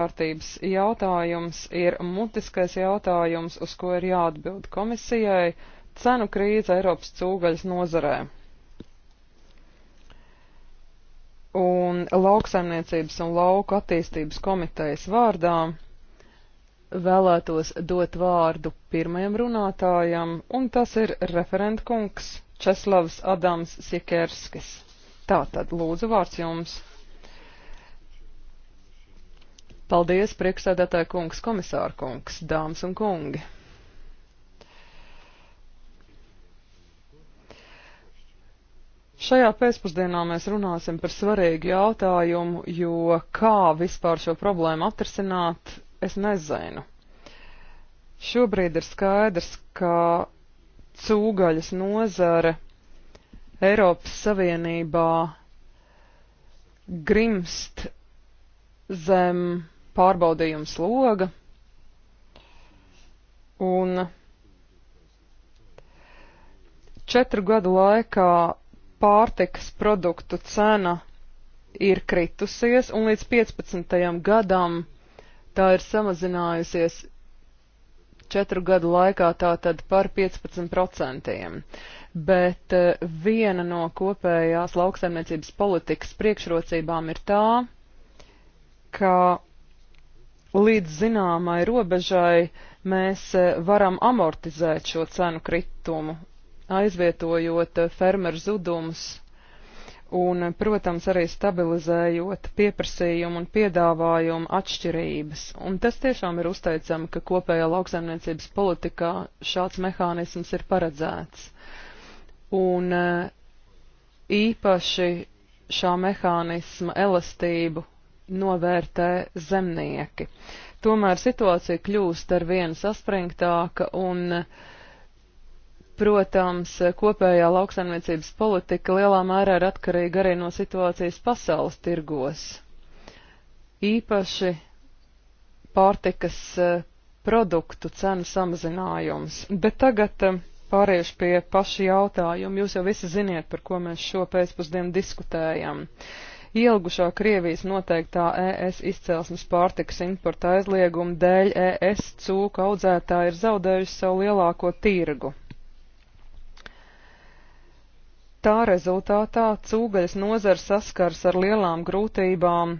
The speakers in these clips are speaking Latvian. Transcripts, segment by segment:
kārtības jautājums ir mutiskais jautājums, uz ko ir jāatbild komisijai - cenu krīze Eiropas cūgaļas nozarē. Un lauksaimniecības un lauku attīstības komitejas vārdā vēlētos dot vārdu pirmajam runātājam, un tas ir referentkungs Česlavs Adams Siekerskis. Tātad, lūdzu, vārds jums! Paldies, priekšsēdētāja kungs, komisāra kungs, dāmas un kungi. Šajā pēcpusdienā mēs runāsim par svarīgu jautājumu, jo kā vispār šo problēmu atrisināt, es nezinu. Šobrīd ir skaidrs, ka cūgaļas nozare Eiropas Savienībā grimst zem pārbaudījuma sloga. Un četru gadu laikā pārtikas produktu cena ir kritusies, un līdz 15. gadam tā ir samazinājusies četru gadu laikā tātad par 15%. Bet eh, viena no kopējās lauksaimniecības politikas priekšrocībām ir tā, ka līdz zināmai robežai mēs e, varam amortizēt šo cenu kritumu, aizvietojot e, fermeru zudumus un, e, protams, arī stabilizējot pieprasījumu un piedāvājumu atšķirības. Un tas tiešām ir uzteicami, ka kopējā lauksaimniecības politikā šāds mehānisms ir paredzēts. Un īpaši šā mehānisma elastību novērtē zemnieki. Tomēr situācija kļūst ar vienu saspringtāka un, protams, kopējā lauksaimniecības politika lielā mērā ir atkarīga arī no situācijas pasaules tirgos. Īpaši pārtikas e, produktu cenu samazinājums. Bet tagad e, pāriešu pie paša jautājuma. Jūs jau visi ziniet, par ko mēs šo pēcpusdienu diskutējam. Uh, ilgušā Krievijas noteiktā ES izcelsmes pārtikas importa aizlieguma dēļ ES cūku audzētāji ir zaudējuši savu lielāko tirgu. Tā rezultātā cūgaļas nozara saskars ar lielām grūtībām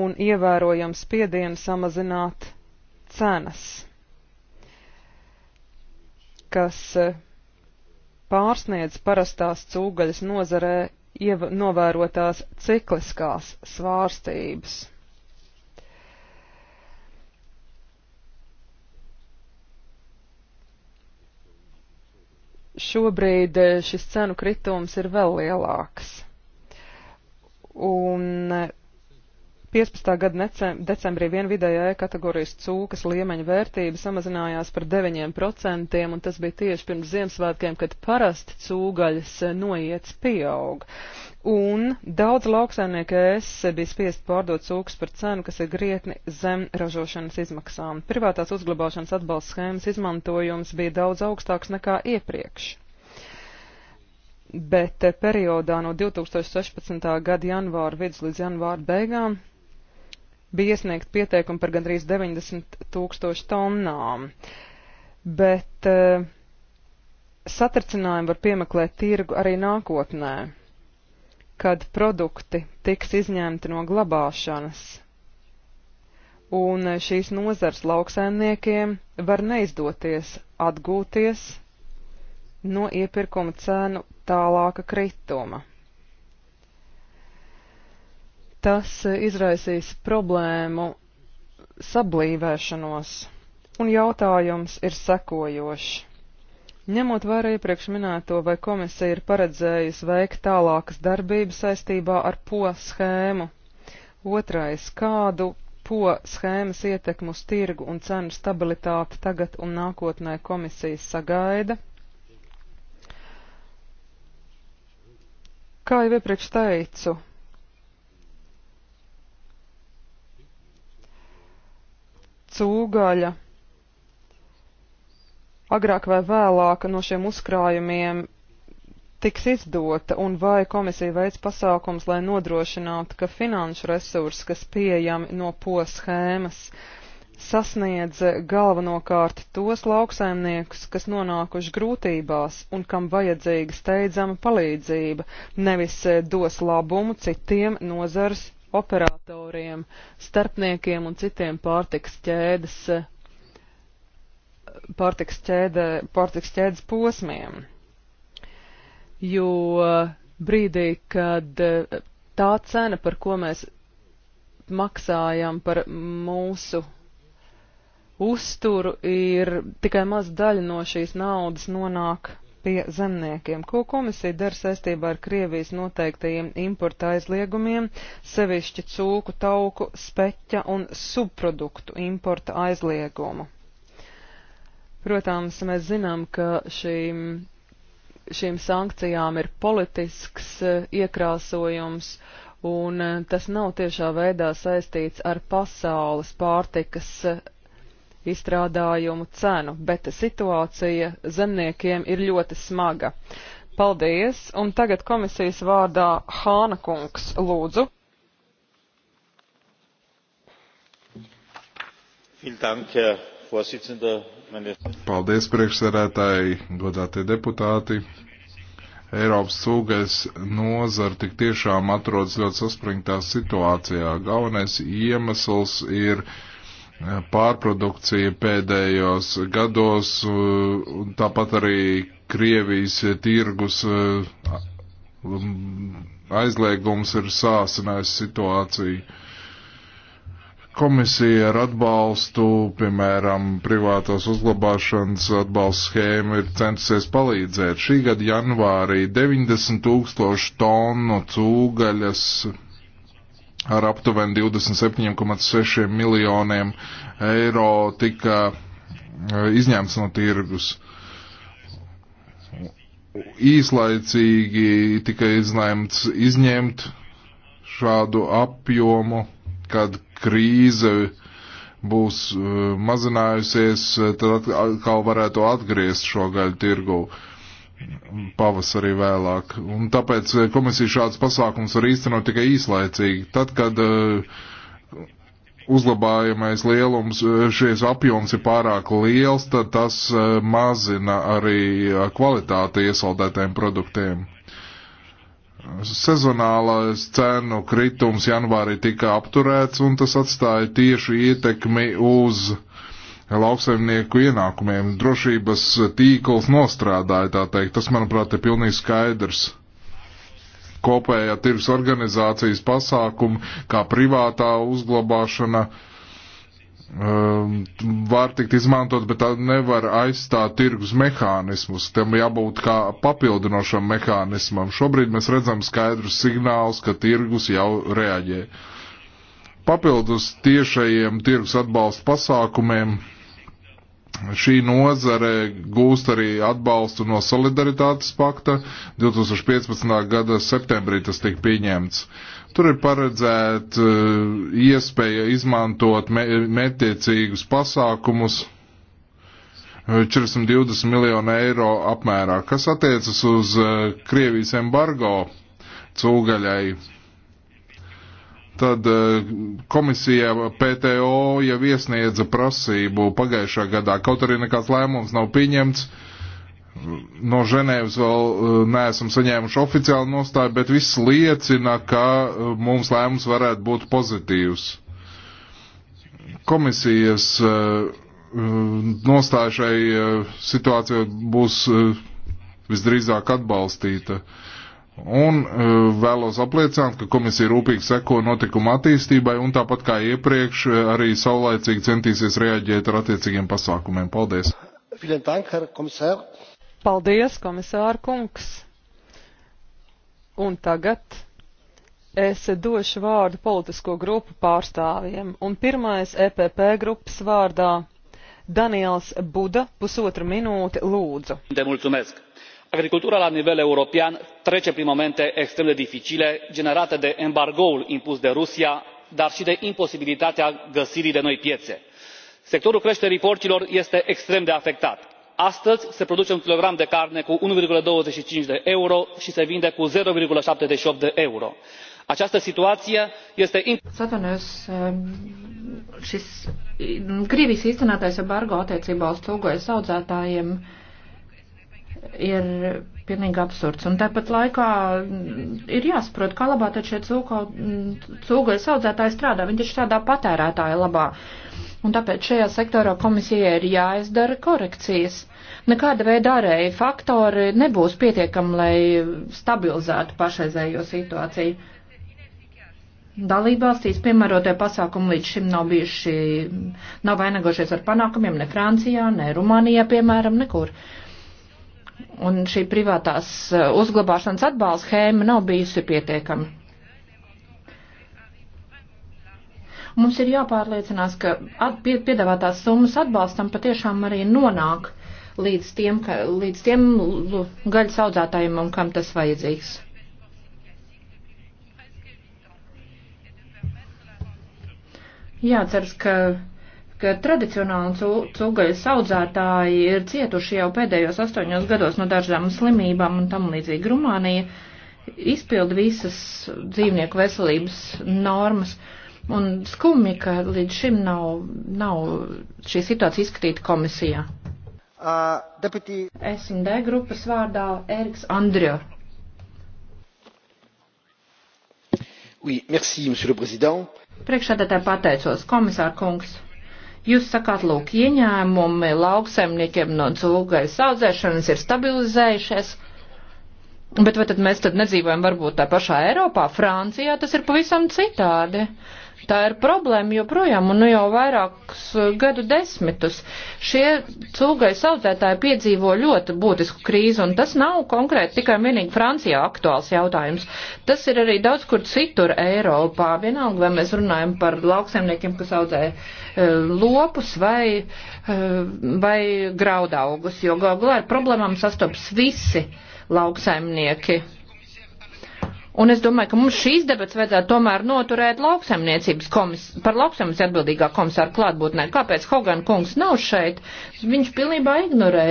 un ievērojams spiedienu samazināt cenas, kas eh, pārsniedz parastās cūgaļas nozarē novērotās cikliskās svārstības. Šobrīd eh, šis cenu kritums ir vēl lielāks. Un eh, 15. gada decembrī vien vidējā E kategorijas cūkas liemeņa vērtība samazinājās par 9%, un tas bija tieši pirms Ziemassvētkiem, kad parasti cūgaļas eh, noiets pieaug. Un daudz lauksaimnieku ES bija spiest pārdot cūkas par cenu, kas ir grietni zem ražošanas izmaksām. Privātās uzglabāšanas atbalsta schēmas izmantojums bija daudz augstāks nekā iepriekš bet eh, periodā no 2016. gada janvāra vidus līdz janvāra beigām bija iesniegt pieteikumu par gandrīz 90 tūkstošu tonnām. Bet uh, satricinājumu var piemeklēt tirgu arī nākotnē, kad produkti tiks izņemti no glabāšanas. Un eh, šīs nozars lauksēmniekiem var neizdoties atgūties no iepirkuma cēnu tālāka krituma. Tas izraisīs problēmu sablīvēšanos, un jautājums ir sekojošs. Ņemot vērā iepriekš minēto, vai komisija ir paredzējusi veikt tālākas darbības saistībā ar po schēmu? Otrais, kādu po schēmas ietekmu uz tirgu un cenu stabilitāti tagad un nākotnē komisija sagaida? Kā jau iepriekš teicu, cūgaļa agrāk vai vēlāk no šiem uzkrājumiem tiks izdota, un vai komisija veids pasākums, lai nodrošinātu, ka finanšu resursi, kas pieejami no po schēmas, sasniedz galvenokārt tos lauksaimniekus, kas nonākuši grūtībās un kam vajadzīga steidzama palīdzība, nevis dos labumu citiem nozars operatoriem, starpniekiem un citiem pārtiks ķēdes, pārtiks ķēde, pārtiks ķēdes posmiem. Jo brīdī, kad eh, tā cena, par ko mēs maksājam par mūsu uzturu, ir tikai maz daļa no šīs naudas nonāk pie zemniekiem. Ko komisija dara saistībā ar Krievijas noteiktajiem importa aizliegumiem, sevišķi cūku, tauku, speķa un subproduktu importa aizliegumu? Protams, mēs zinām, ka šīm šīm sankcijām ir politisks eh, iekrāsojums, un eh, tas nav tiešā veidā saistīts ar pasaules pārtikas eh, izstrādājumu cenu, bet situācija zemniekiem ir ļoti smaga. Paldies, un tagad komisijas vārdā Hāna kungs lūdzu. Paldies, priekšsēdētāji, godātie deputāti. Eiropas sūgas nozara tik tiešām atrodas ļoti saspringtā situācijā. Galvenais iemesls ir uh, pārprodukcija pēdējos gados, uh, un tāpat arī Krievijas tirgus uh, um, aizliegums ir sāsinājis situāciju. Komisija ar atbalstu, piemēram, privātās uzglabāšanas atbalsta schēma ir centusies palīdzēt. Šī gada janvārī 90 tūkstoši tonu cūgaļas ar aptuveni 27,6 miljoniem eiro tika e, izņemts no tirgus. Īslaicīgi tika izlēmts izņemt šādu apjomu, kad krīze būs e, mazinājusies, e, tad atkal varētu atgriezt šo gaļu tirgu. Uh, pavasarī vēlāk. Un tāpēc eh, komisija šāds pasākums var īstenot tikai īslaicīgi. Tad, kad eh, uzlabājamais lielums, eh, šies apjoms ir pārāk liels, tad tas mazina arī kvalitāti iesaldētajiem produktiem. Sezonālais cenu kritums janvārī tika apturēts, un tas atstāja tieši ietekmi uz uh, lauksaimnieku ienākumiem. Drošības tīkls nostrādāja, tā teikt. Tas, manuprāt, ir pilnīgi skaidrs. Kopējā tirgus organizācijas pasākumi, kā privātā uzglabāšana, um, var tikt izmantot, bet tā nevar aizstāt tirgus mehānismus. Tam jābūt kā papildinošam mehānismam. Šobrīd mēs redzam skaidrus signālus, ka tirgus jau reaģē. Papildus tiešajiem tirgus atbalsta pasākumiem Šī nozare gūst arī atbalstu no Solidaritātes pakta. 2015. gada septembrī tas tika pieņemts. Tur ir paredzēta e, iespēja izmantot mētiecīgus pasākumus 420 e, miljonu eiro apmērā, kas attiecas uz e, Krievijas embargo cūgaļai Tad e, komisija PTO jau iesniedza prasību pagājušā gadā, kaut arī nekāds lēmums nav pieņemts. No Ženēvas vēl e, neesam saņēmuši oficiālu nostāju, bet viss liecina, ka e, mums lēmums varētu būt pozitīvs. Komisijas nostāja šai situācijai būs visdrīzāk atbalstīta. Uh, Un e, vēlos apliecināt, ka komisija rūpīgi seko notikuma attīstībai un tāpat kā iepriekš e, arī saulēcīgi centīsies reaģēt ar attiecīgiem pasākumiem. Paldies! Paldies, komisāra kungs! Un tagad es došu vārdu politisko grupu pārstāvjiem. Un pirmais EPP grupas vārdā Daniels Buda, pusotra minūte, lūdzu. De, mulțumesc agricultura la nivel european trece prin momente extrem de dificile generate de embargoul impus de rusia dar și de imposibilitatea găsirii de noi piețe. sectorul creșterii porcilor este extrem de afectat astăzi se produce un kilogram de carne cu unu douăzeci și cinci de euro și se vinde cu zero șaptezeci și opt de euro. această situație este. es atvainojos um, šis um, krievijas īstenotais embargo attiecībā uz cūgaļas audzētājiem ir pilnīgi absurds. Un tāpat laikā ir jāsaprot, kā labā taču šie cūgaļas audzētāji strādā. Viņi taču strādā patērētāja labā. Un tāpēc šajā sektorā komisijai ir jāizdara korekcijas. Nekāda veida ārēji faktori nebūs pietiekami, lai stabilizētu pašreizējo situāciju. Dalībvalstīs piemērotie pasākumi līdz šim nav bijuši, nav vainagošies ar panākumiem ne Francijā, ne Rumānijā, piemēram, nekur. Uh, Un šī privātās eh, uzglabāšanas atbalsta schēma nav bijusi pietiekama. Mums ir jāpārliecinās, ka piedāvātās summas atbalstam patiešām arī nonāk līdz tiem, ka, līdz tiem gaļas audzētājiem, kam tas vajadzīgs. Jāceras, ka ka tradicionāli cūgaļas audzētāji ir cietuši jau pēdējos astoņos gados no dažām slimībām un tam līdzīgi. Rumānija izpild visas dzīvnieku veselības normas. Un skumji, ka līdz šim nav, nav šī situācija izskatīta komisijā. Uh, deputy... S&D grupas vārdā Eriks Andrio. Oui, merci, monsieur le président. Priekšādā tā pateicos, komisār kungs. Jūs sakāt, lūk, ieņēmumi lauksaimniekiem no cūgais audzēšanas ir stabilizējušies. Bet vai tad mēs tad nedzīvojam varbūt tā pašā Eiropā? Francijā tas ir pavisam citādi. Uh, Tā ir problēma joprojām, un nu jau vairākus eh, gadu desmitus. Šie cūgai saudzētāji piedzīvo ļoti būtisku krīzi, un tas nav konkrēti tikai vienīgi Francijā aktuāls jautājums. Tas ir arī daudz kur citur Eiropā. Vienalga, vai mēs runājam par lauksaimniekiem, kas audzē e, lopus vai, e, vai graudaugus, jo galā ar problēmām sastopas visi lauksaimnieki. Un es domāju, ka mums šīs debats vajadzētu tomēr noturēt lauksaimniecības komis, par lauksaimniecības atbildīgā komisāra klātbūtnē. Kāpēc Hogan kungs nav šeit? Viņš pilnībā ignorē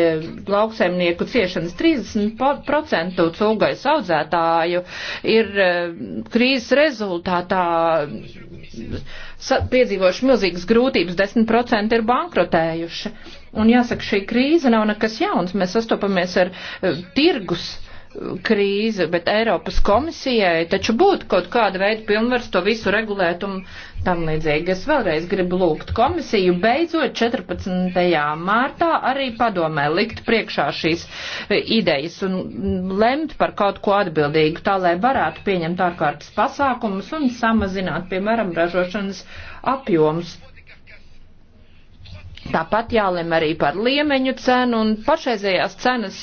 lauksaimnieku ciešanas. 30% cūgais audzētāju ir e, krīzes rezultātā piedzīvojuši milzīgas grūtības, 10% ir bankrotējuši. Un jāsaka, šī krīze nav nekas jauns. Mēs sastopamies ar uh, tirgus krīze, bet Eiropas komisijai taču būtu kaut kāda veida pilnvars to visu regulēt un tam līdzīgi. Es vēlreiz gribu lūgt komisiju beidzot 14. mārtā arī padomē likt priekšā šīs e, idejas un lemt par kaut ko atbildīgu, tā lai varētu pieņemt ārkārtas pasākumus un samazināt, piemēram, ražošanas apjomus. Tāpat jālem arī par liemeņu cenu un pašreizējās cenas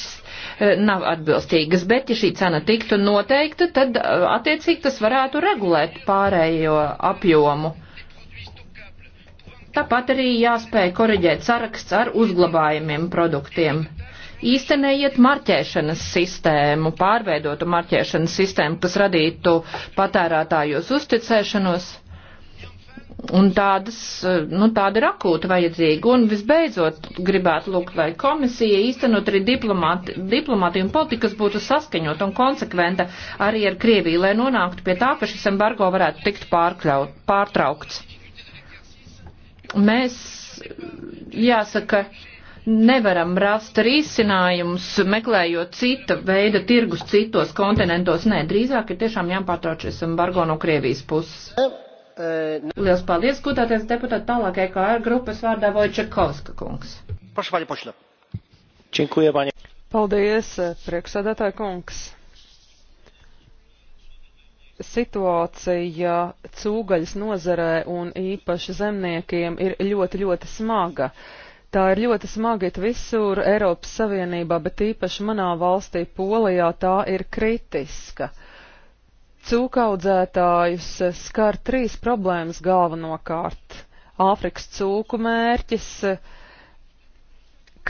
Eh, nav atbilstīgas, bet ja šī cena tiktu noteikta, tad eh, attiecīgi tas varētu regulēt pārējo apjomu. Tāpat arī jāspēj koriģēt saraksts ar uzglabājumiem produktiem. Īstenējiet marķēšanas sistēmu, pārveidotu marķēšanas sistēmu, kas radītu patērētājos uzticēšanos Un tādas, eh, nu, tāda ir akūta vajadzīga. Un visbeidzot, gribētu lūgt, lai komisija īstenot arī diplomāti, diplomātiju un politiku, kas būtu saskaņot un konsekventa arī ar Krieviju, lai nonāktu pie tā, ka šis embargo varētu tikt pārkļaut, pārtraukts. Mēs, jāsaka, nevaram rast risinājumus, meklējot cita veida tirgus citos kontinentos. Nē, drīzāk ir tiešām jāpārtrauc šis embargo no Krievijas puses. Uh, Uh, Liels paldies, gudāties deputāti, tālāk EKR grupas vārdā Vojčakovska kungs. Prašu, paņi pošļa. Činkuja, paņi. Paldies, eh, priekšsēdētāja kungs. Situācija cūgaļas nozarē un īpaši zemniekiem ir ļoti, ļoti smaga. Tā ir ļoti smaga it visur Eiropas Savienībā, bet īpaši manā valstī Polijā tā ir kritiska. Uh, cūkaudzētājus skar trīs problēmas galvenokārt. Āfrikas cūku mērķis,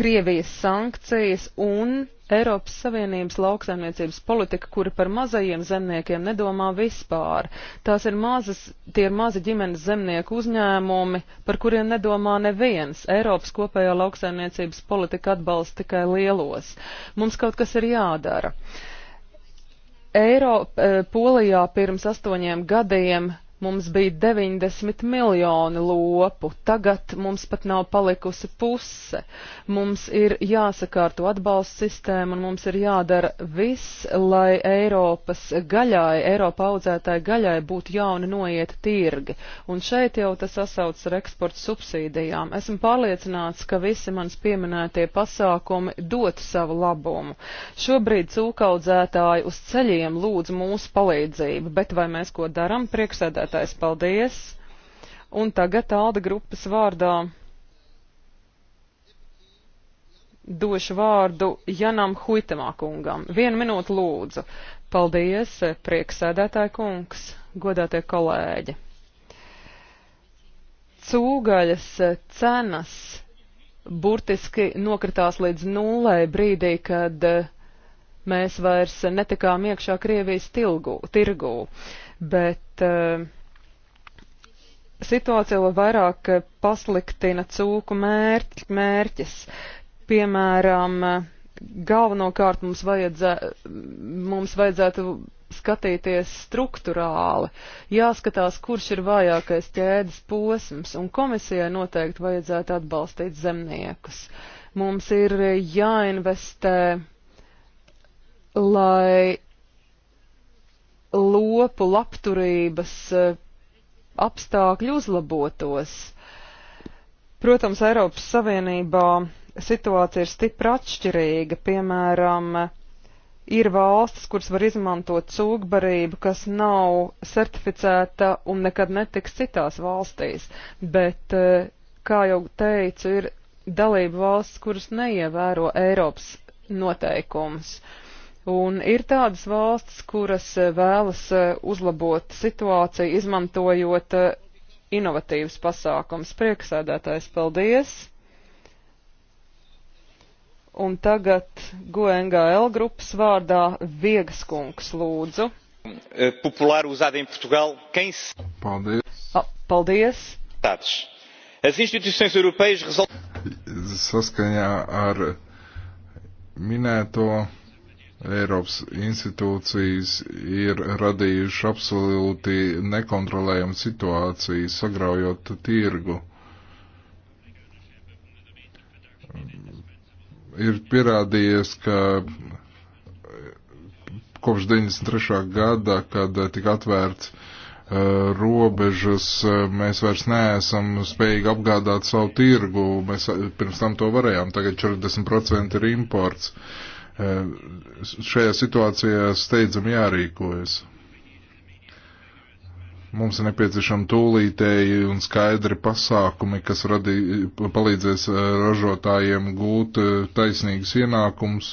Krievijas sankcijas un Eiropas Savienības lauksaimniecības politika, kura par mazajiem zemniekiem nedomā vispār. Tās ir mazas, tie ir mazi ģimenes zemnieku uzņēmumi, par kuriem nedomā neviens. Eiropas kopējā lauksaimniecības politika atbalsta tikai lielos. Mums kaut kas ir jādara. Uh, Eiro, eh, Polijā pirms astoņiem gadiem mums bija 90 miljoni lopu, tagad mums pat nav palikusi puse. Mums ir jāsakārto atbalsts sistēma un mums ir jādara viss, lai Eiropas gaļai, Eiropa audzētāji gaļai būtu jauni noiet tirgi. Un šeit jau tas sasaucas ar eksporta subsīdijām. Esmu pārliecināts, ka visi mans pieminētie pasākumi dot savu labumu. Šobrīd cūkaudzētāji uz ceļiem lūdz mūsu palīdzību, bet vai mēs ko daram priekšsēdētājiem? priekšsēdētājs, paldies! Un tagad tāda grupas vārdā došu vārdu Janam Huitemā kungam. Vienu minūtu lūdzu. Paldies, prieksēdētāji kungs, godātie kolēģi. Cūgaļas cenas burtiski nokritās līdz nulai brīdī, kad mēs vairs netikām iekšā Krievijas tilgū, tirgū, bet uh, situācija vēl vairāk eh, pasliktina cūku mērķ, mērķis. Piemēram, eh, galvenokārt mums, vajadzē, mums vajadzētu skatīties struktūrāli, jāskatās, kurš ir vājākais ķēdes posms, un komisijai noteikti vajadzētu atbalstīt zemniekus. Mums ir jāinvestē, lai lopu labturības eh, apstākļi uzlabotos. Protams, Eiropas Savienībā situācija ir stipri atšķirīga, piemēram, ir valstis, kuras var izmantot cūkbarību, kas nav certificēta un nekad netiks citās valstīs, bet, eh, kā jau teicu, ir dalība valsts, kuras neievēro Eiropas noteikumus. Un ir tādas valstis, kuras eh, vēlas eh, uzlabot situāciju, izmantojot eh, inovatīvas pasākums. Prieksēdētājs, paldies! Un tagad GONGL grupas vārdā Viegaskungs lūdzu. Populāra uzāda in Portugal. Quem... Paldies. A, paldies. Tāds. As instituições europeias resol... Saskaņā ar minēto Eiropas institūcijas ir radījuši absolūti nekontrolējumu situāciju, sagraujot tirgu. Ir pierādījies, ka kopš 93. gada, kad tika atvērts eh, robežas, eh, mēs vairs neesam spējīgi apgādāt savu tirgu. Mēs eh, pirms tam to varējām, tagad 40% ir imports. Uh, Eh, šajā situācijā steidzam jārīkojas. Mums ir nepieciešami tūlītēji un skaidri pasākumi, kas radī, palīdzēs eh, ražotājiem gūt eh, taisnīgus ienākumus.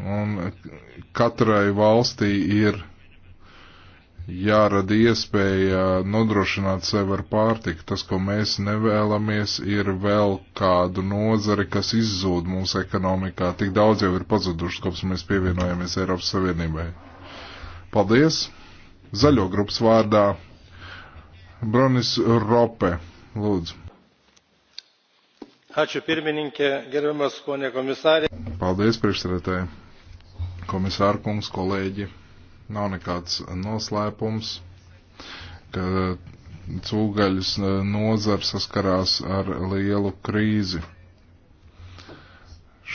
Un katrai valstī ir jārada iespēja nodrošināt sev ar pārtiku. Tas, ko mēs nevēlamies, ir vēl kādu nozari, kas izzūd mūsu ekonomikā. Tik daudz jau ir pazuduši, kopš mēs pievienojamies Eiropas Savienībai. Paldies! Zaļo grupas vārdā Bronis Rope, lūdzu. Ačiū pirmininkė, gerbiamas ponė komisarė. Paldies priekšsēdētāji, komisārkungs, kolēģi. Nav nekāds noslēpums, ka cūgaļas e, nozars saskarās ar lielu krīzi.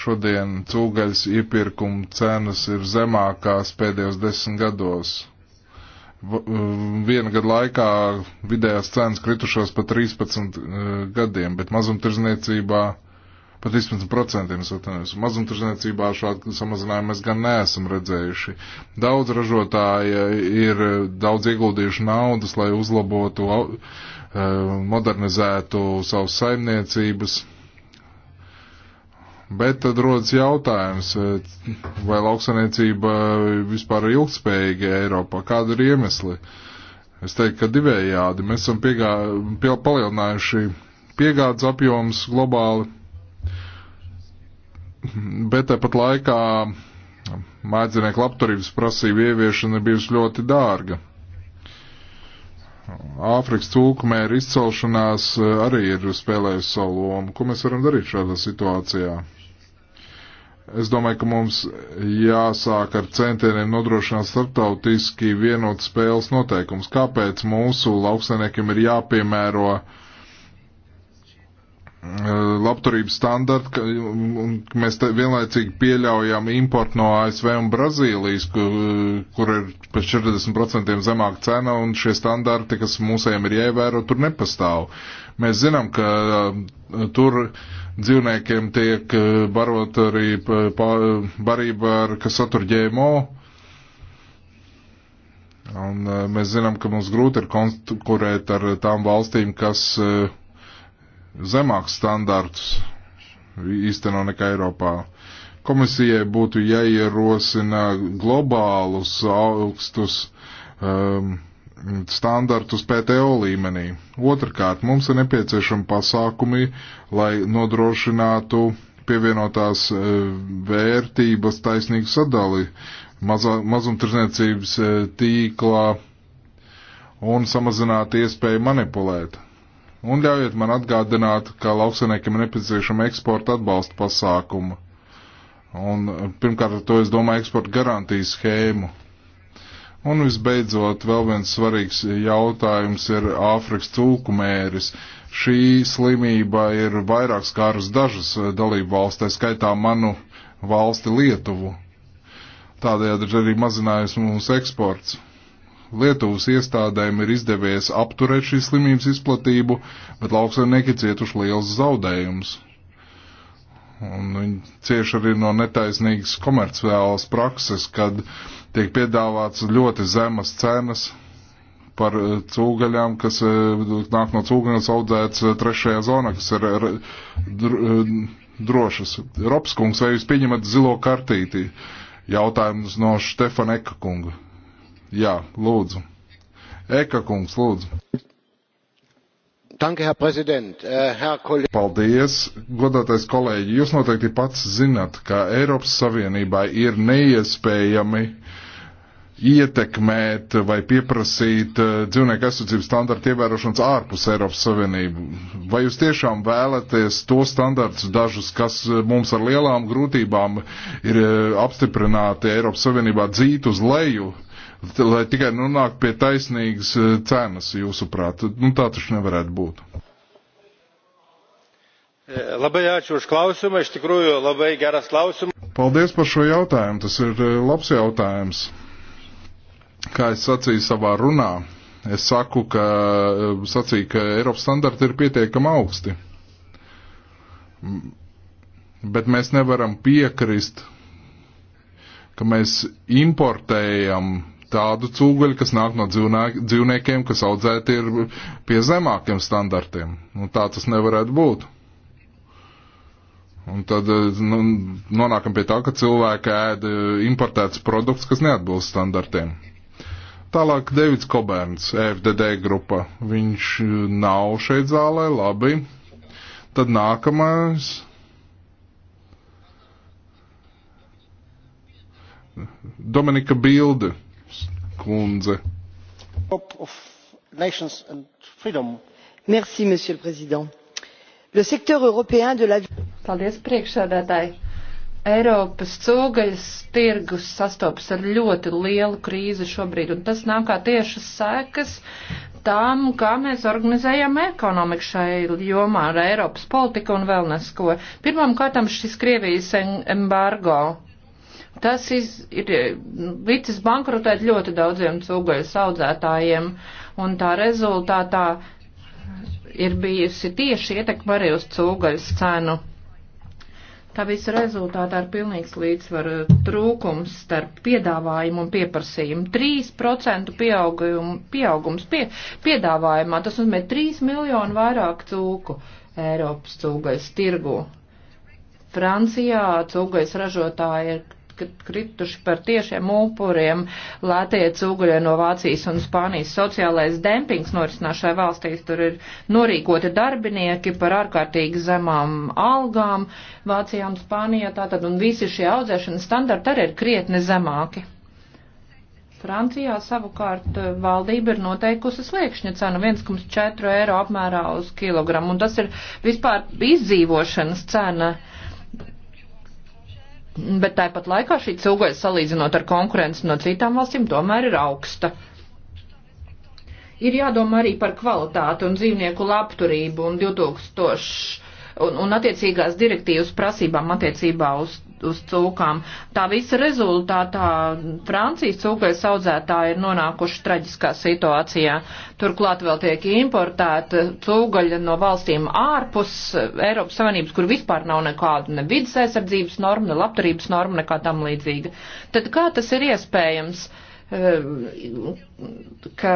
Šodien cūgaļas iepirkuma cenas ir zemākās pēdējos desmit gados. E, viena gada laikā vidējās cenas kritušās pa 13 e, gadiem, bet mazumtirdzniecībā uh, Pat 15% es atvainojos. Mazumtirdzniecībā šādu samazinājumu mēs gan neesam redzējuši. Daudz ražotāji ir daudz ieguldījuši naudas, lai uzlabotu, eh, modernizētu savus saimniecības. Bet tad rodas jautājums, eh, vai lauksaniecība vispār ir ilgspējīga Eiropā? Kāda ir iemesli? Es teiktu, ka divējādi. Mēs esam piegā, pie, palielinājuši piegādes apjomus globāli, bet tāpat laikā mājdzīvnieku labturības prasība ieviešana bijusi ļoti dārga. Āfrikas cūkumēra izcelšanās e, arī ir spēlējusi savu lomu. Ko mēs varam darīt šādā situācijā? Es domāju, ka mums jāsāk ar centieniem nodrošināt starptautiski vienot spēles noteikums. Kāpēc mūsu lauksaimniekiem ir jāpiemēro uh, Eh, labturības standarti, ka mēs vienlaicīgi pieļaujam importu no ASV un Brazīlijas, kur, kur ir par 40% zemāka cena, un šie standarti, kas mūsējiem ir jāievēro, tur nepastāv. Mēs zinām, ka eh, tur dzīvniekiem tiek eh, barot arī barība, ar, kas satur ģēmo. Un mēs zinām, ka mums grūti ir konkurēt ar tām valstīm, kas uh, zemākus standartus īsteno nekā Eiropā. Komisijai būtu jāierosina globālus augstus um, standartus PTO līmenī. Otrakārt, mums ir nepieciešami pasākumi, lai nodrošinātu pievienotās uh, vērtības taisnīgu sadali mazā, mazumtirdzniecības uh, tīklā un samazinātu iespēju manipulēt. Un ļaujiet man atgādināt, ka lauksaimniekiem ir nepieciešama eksporta atbalsta pasākuma. Un pirmkārt ar to es domāju eksporta garantijas schēmu. Un visbeidzot, vēl viens svarīgs jautājums ir Āfrikas cūku mēris. Šī slimība ir vairāk skārus dažas dalību valstē, skaitā manu valsti Lietuvu. Tādējādi ir arī mazinājusi mūsu eksports. Lietuvas iestādēm ir izdevies apturēt šīs slimības izplatību, bet lauksaimnieki cietuši liels zaudējums. Un viņi cieši arī no netaisnīgas komerciālas prakses, kad tiek piedāvāts ļoti zemas cenas par eh, cūgaļām, kas eh, nāk no cūgaļas audzēts eh, trešajā zonā, kas ir drošas. Robskungs, vai jūs pieņemat zilo kartīti? Jautājums no Štefana Eka kunga. Jā, lūdzu. Eka kungs, lūdzu. Danke, Herr Präsident. Äh, Herr Kollege. Paldies, godātais kolēģi. Jūs noteikti pats zinat, ka Eiropas Savienībai ir neiespējami ietekmēt vai pieprasīt äh, dzīvnieku aizsardzības standartu ievērošanas ārpus Eiropas Savienību. Vai jūs tiešām vēlaties to standartus dažus, kas äh, mums ar lielām grūtībām ir apstiprināti Eiropas Savienībā dzīt uz leju, lai tikai nonāktu pie taisnīgas eh, cenas, jūsuprāt. Nu, tā taču nevarētu būt. E, labai ačiū už klausimą, iš tikrųjų labai geras klausimas. Paldies par šo jautājumu, tas ir e, labs jautājums. Kā es sacīju savā runā, es saku, ka, e, sacīju, ka Eiropas standarti ir pietiekami augsti. Bet mēs nevaram piekrist, ka mēs importējam tādu cūgaļu, kas nāk no dzīvniekiem, kas audzēti ir pie zemākiem standartiem. Un nu, tā tas nevarētu būt. Un tad eh, nu, nonākam pie tā, ka cilvēki ēd eh, importēts produkts, kas neatbilst standartiem. Tālāk Devits Kobērns, e FDD grupa. Viņš eh, nav šeit zālē, labi. Tad nākamais. Dominika Bilde kundze. Merci, monsieur le président. Le secteur européen de la. Paldies, priekšsēdētāji. Eiropas cūgaļas tirgus sastopas ar ļoti lielu krīzi šobrīd, un tas nāk kā tiešas sekas tām, kā mēs organizējam ekonomiku šai jomā ar Eiropas politiku un vēl nesko. Pirmām kārtām šis Krievijas embargo Tas iz, ir licis e, bankrotēt ļoti daudziem cūgaļas audzētājiem, un tā rezultātā ir bijusi tieši ietekma arī uz cūgaļas cenu. Tā visa rezultātā ir pilnīgs līdzsvaru trūkums starp piedāvājumu un pieprasījumu. 3% pieaugum, pieaugums pie, piedāvājumā, tas nozīmē 3 miljonu vairāk cūku Eiropas cūgais tirgu. Francijā cūgais ražotāji ir krituši par tiešiem upuriem lētiec uguļie no Vācijas un Spānijas. Sociālais dempings norisināšai valstīs tur ir norīkoti darbinieki par ārkārtīgi zemām algām Vācijā un Spānijā tātad, un visi šie audzēšanas standarti arī ir krietni zemāki. Francijā savukārt eh, valdība ir noteikusi sliekšņa cenu 1,4 eiro apmērā uz kilogramu, un tas ir vispār izdzīvošanas cena. Uh, bet tāpat laikā šī cilgoja salīdzinot ar konkurenci no citām valstīm tomēr ir augsta. Ir jādomā arī par kvalitāti un dzīvnieku labturību un 2000 un, un attiecīgās direktīvas prasībām attiecībā uz uz cūkām. Tā visa rezultātā Francijas cūkais audzētāji ir nonākuši traģiskā situācijā. Turklāt vēl tiek importēta cūgaļa no valstīm ārpus Eiropas Savienības, kur vispār nav nekādu ne vidas aizsardzības normu, ne labturības normu, nekā tam līdzīga. Tad kā tas ir iespējams? Ehm, ka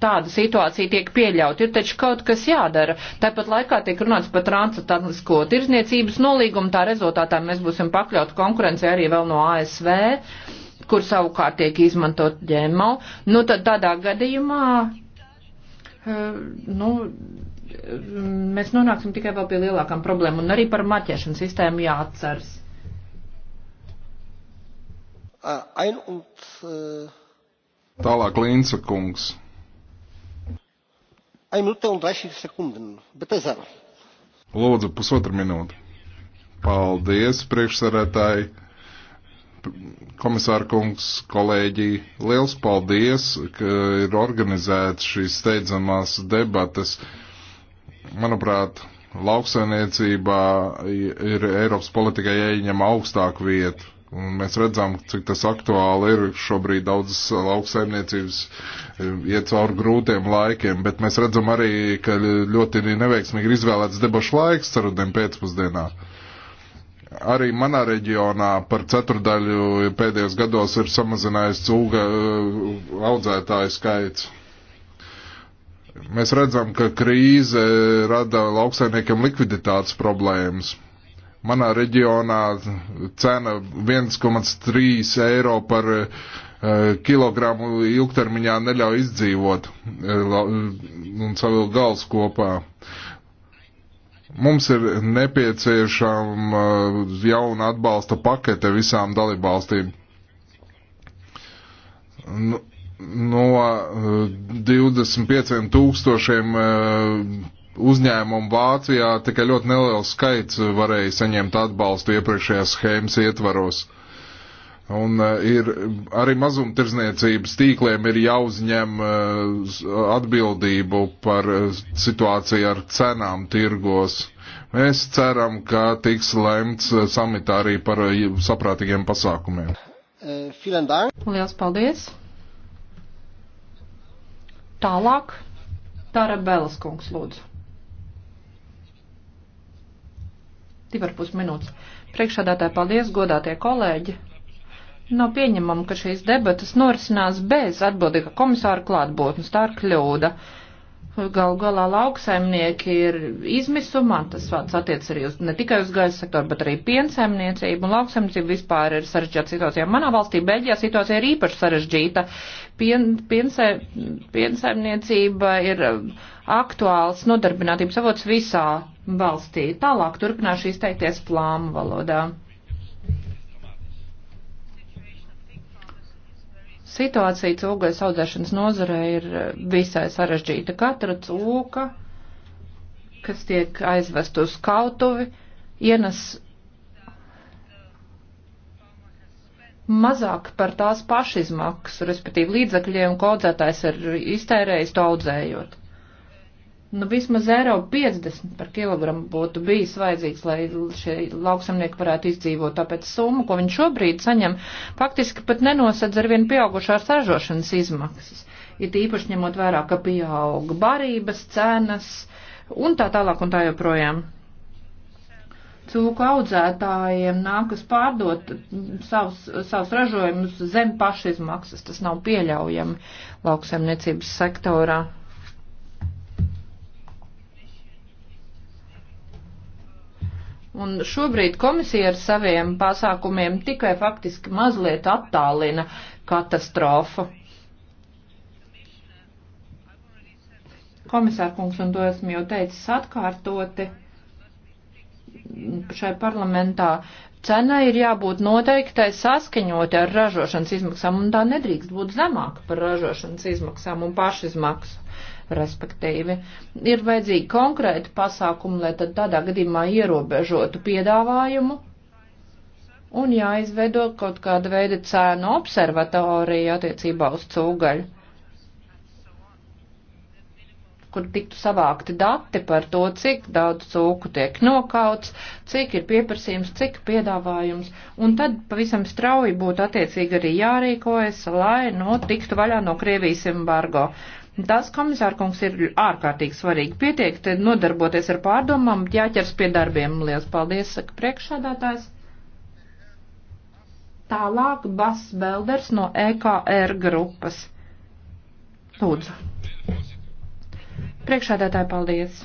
tāda situācija tiek pieļauta. Ir taču kaut kas jādara. Tāpat laikā tiek runāts par transatlantisko tirzniecības nolīgumu, tā rezultātā mēs būsim pakļauti konkurencei arī vēl no ASV kur savukārt tiek izmantot ģēmo, nu tad tādā gadījumā, ehm, nu, mēs nonāksim tikai vēl pie lielākām problēmām un arī par maķēšanu sistēmu jāatceras. Uh, ein und, uh... E, Tālāk Līnca kungs. Nu, nu, Lūdzu, pusotra minūte. Paldies, priekšsarētāji, komisāra kungs, kolēģi. Liels paldies, ka ir organizēts šīs steidzamās debates. Manuprāt, lauksainiecībā ir Eiropas politikai jāieņem augstāku vietu Un mēs redzam, cik tas aktuāli ir šobrīd daudzas lauksaimniecības eh, iet cauri grūtiem laikiem, bet mēs redzam arī, ka ļoti neveiksmīgi ir izvēlēts debašu laiks cerudiem pēcpusdienā. Arī manā reģionā par ceturdaļu pēdējos gados ir samazinājis cūga eh, audzētāju skaits. Mēs redzam, ka krīze rada lauksainiekiem likviditātes problēmas Manā reģionā cena 1,3 eiro par eh, kilogramu ilgtermiņā neļauj izdzīvot eh, un savilkt gals kopā. Mums ir nepieciešama eh, jauna atbalsta pakete visām dalībvalstīm. No 25 tūkstošiem uzņēmumu Vācijā tikai ļoti neliels skaits varēja saņemt atbalstu iepriekšējās schēmas ietvaros. Un e, ir, arī mazumtirdzniecības tīkliem ir jāuzņem e, atbildību par e, situāciju ar cenām tirgos. Mēs ceram, ka tiks lemts samitā arī par saprātīgiem pasākumiem. Lielas paldies! Tālāk Tara Belas kungs lūdzu. divarpus minūtes. Priekšādātāji, paldies, godātie kolēģi! Nav pieņemama, ka šīs debatas norisinās bez atbildīga komisāra klātbūtnes. Tā ir kļūda. Galu galā lauksaimnieki ir izmisumā, tas vārds attiec arī uz, ne tikai uz gaisa sektoru, bet arī piensaimniecību, un lauksaimniecība vispār ir sarežģīta situācija. Manā valstī, Beļģijā, situācija ir īpaši sarežģīta. Pien, piensai, piensaimniecība ir aktuāls nodarbinātības avots visā valstī. Tālāk turpināšu izteikties flāmu valodā. Situācija cūgai audzēšanas nozarē ir visai sarežģīta. Katra cūka, kas tiek aizvest uz kautuvi, ienes mazāk par tās pašizmaksu, respektīvi līdzakļiem, ko audzētājs ir iztērējis to audzējot nu, vismaz eiro 50 par kilogramu būtu bijis vajadzīgs, lai šie lauksamnieki varētu izdzīvot. Tāpēc summa, ko viņi šobrīd saņem, faktiski pat nenosedz ar vien pieaugušās ražošanas izmaksas. Ir īpaši ņemot vērā, ka pieauga barības, cenas un tā tālāk un tā joprojām cūku audzētājiem nākas pārdot savus, savus ražojumus zem pašizmaksas. Tas nav pieļaujami lauksaimniecības sektorā. Un šobrīd komisija ar saviem pasākumiem tikai faktiski mazliet attālina katastrofu. Komisārkungs, un to esmu jau teicis atkārtoti šai parlamentā, cena ir jābūt noteiktai saskaņoti ar ražošanas izmaksām, un tā nedrīkst būt zemāka par ražošanas izmaksām un pašizmaksu respektīvi. Ir vajadzīgi konkrēti pasākumi, lai tad tādā gadījumā ierobežotu piedāvājumu un jāizveido kaut kāda veida cēnu observatorija attiecībā uz cūgaļu, kur tiktu savākti dati par to, cik daudz cūku tiek nokauts, cik ir pieprasījums, cik piedāvājums, un tad pavisam strauji būtu attiecīgi arī jārīkojas, lai notiktu nu, vaļā no Krievijas embargo. Tas, komisārkungs, ir ārkārtīgi svarīgi. Pietiek te nodarboties ar pārdomām, jāķers pie darbiem. Lielas paldies, saka priekšādātājs. Tālāk Bas Belders no EKR grupas. Lūdzu. Priekšādātāji, paldies.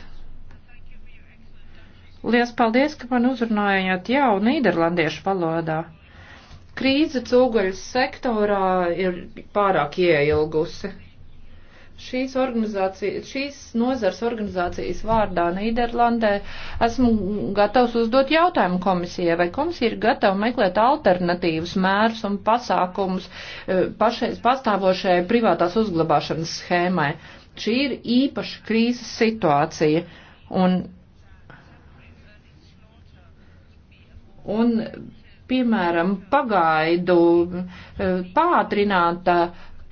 Lielas paldies, ka man uzrunājāt jau nīderlandiešu valodā. Krīze cūgaļas sektorā ir pārāk ieilgusi šīs, šīs nozars organizācijas vārdā Nīderlandē esmu gatavs uzdot jautājumu komisijai, vai komisija ir gatava meklēt alternatīvas mērus un pasākumus e, pašais pastāvošajai privātās uzglabāšanas schēmai. Šī ir īpaša krīzes situācija. Un, un piemēram, pagaidu e, pātrināta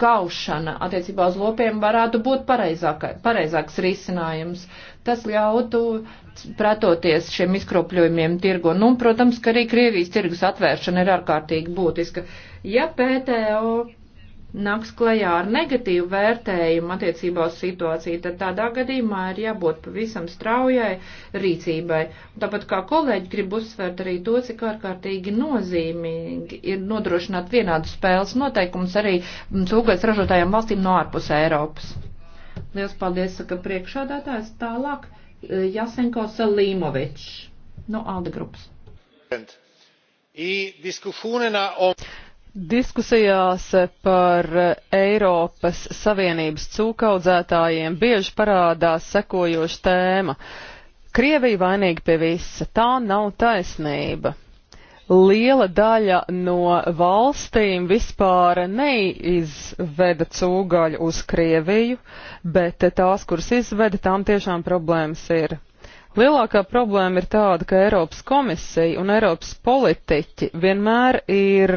kaušana attiecībā uz lopiem varētu būt pareizāka, pareizāks risinājums. Tas ļautu pretoties šiem izkropļojumiem tirgo. Nu, un, protams, ka arī Krievijas tirgus atvēršana ir ārkārtīgi būtiska. Ja PTO nāks klajā ar negatīvu vērtējumu attiecībā uz situāciju, tad tādā gadījumā ir jābūt pavisam straujai rīcībai. Tāpat kā kolēģi grib uzsvērt arī to, cik ārkārtīgi nozīmīgi ir nodrošināt vienādu spēles noteikumus arī cūkais ražotājiem valstīm no ārpus Eiropas. Liels paldies, saka priekšādātājs. Tālāk eh, Jasenko Selīmovičs no Alde grupas. I diskusūnena om... Diskusijās par Eiropas Savienības cūkaudzētājiem bieži parādās sekojoša tēma. Krievija vainīga pie visa. Tā nav taisnība. Liela daļa no valstīm vispār neizveda cūgaļu uz Krieviju, bet tās, kuras izveda, tām tiešām problēmas ir. Lielākā problēma ir tāda, ka Eiropas komisija un Eiropas politiķi vienmēr ir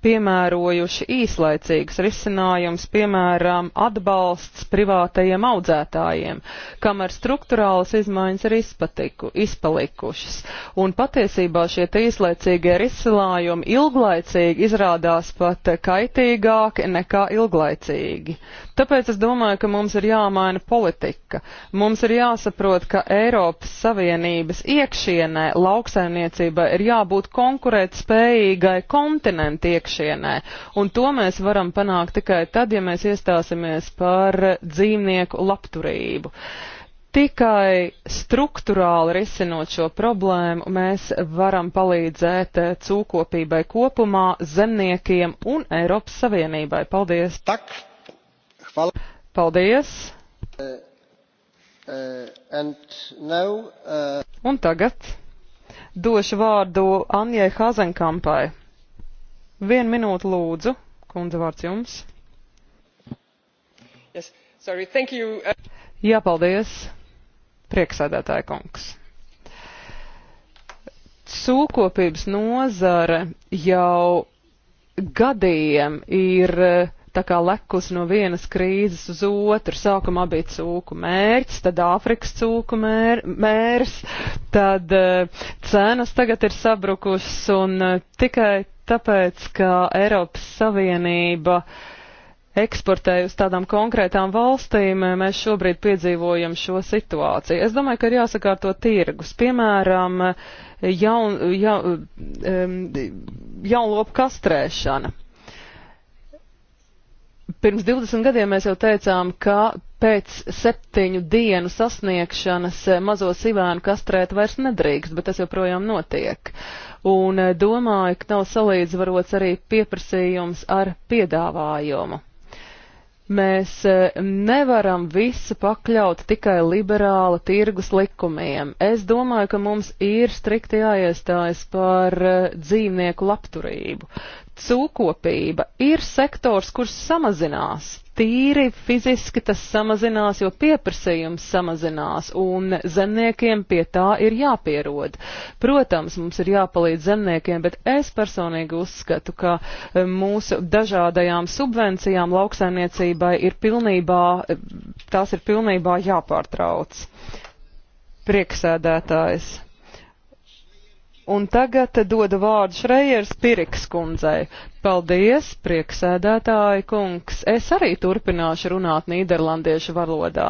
piemērojuši īslaicīgus risinājumus, piemēram, atbalsts privātajiem audzētājiem, kamēr struktūrālas izmaiņas ir izpatiku, izpalikušas. Un patiesībā šie īslaicīgie risinājumi ilglaicīgi izrādās pat kaitīgāki nekā ilglaicīgi. Tāpēc es domāju, ka mums ir jāmaina politika. Mums ir jāsaprot, ka Eiropas Savienības iekšienē lauksaimniecībai ir jābūt konkurētspējīgai kontinentu iekšienē iekšienē. Un to mēs varam panākt tikai tad, ja mēs iestāsimies par dzīvnieku labturību. Tikai struktūrāli risinot šo problēmu, mēs varam palīdzēt cūkopībai kopumā, zemniekiem un Eiropas Savienībai. Paldies! Tak, hvala. Paldies! Uh, uh, now, uh... Un tagad došu vārdu Anjai Hazenkampai. Vienu minūtu lūdzu, kundze vārds jums. Yes, sorry, thank you. Uh, Jā, paldies, prieksēdētāja kungs sūkopības nozare jau gadiem ir uh, tā kā lekus no vienas krīzes uz otru. Sākumā bija cūku mērķis, tad Āfrikas cūku mēr, mērs, tad uh, cenas tagad ir sabrukušas un tikai tāpēc, ka Eiropas Savienība eksportē uz tādām konkrētām valstīm, mēs šobrīd piedzīvojam šo situāciju. Es domāju, ka ir jāsakārto tirgus. Piemēram, jaun, ja, jaunlopu kastrēšana. Pirms 20 gadiem mēs jau teicām, ka pēc septiņu dienu sasniegšanas mazo sivēnu kastrēt vairs nedrīkst, bet tas joprojām notiek. Uh, un eh, domāju, ka nav salīdzvarots arī pieprasījums ar piedāvājumu. Mēs eh, nevaram visu pakļaut tikai liberāla tirgus likumiem. Es domāju, ka mums ir strikti jāiestājas par eh, dzīvnieku labturību. Cūkopība ir sektors, kurš samazinās. Tīri fiziski tas samazinās, jo pieprasījums samazinās, un zemniekiem pie tā ir jāpierod. Protams, mums ir jāpalīdz zemniekiem, bet es personīgi uzskatu, ka e, mūsu dažādajām subvencijām lauksaimniecībai ir pilnībā, e, tās ir pilnībā jāpārtrauc. Prieksēdētājs. Un tagad dodu vārdu Šrejers Piriks kundzei. Paldies, prieksēdētāji kungs. Es arī turpināšu runāt nīderlandiešu valodā.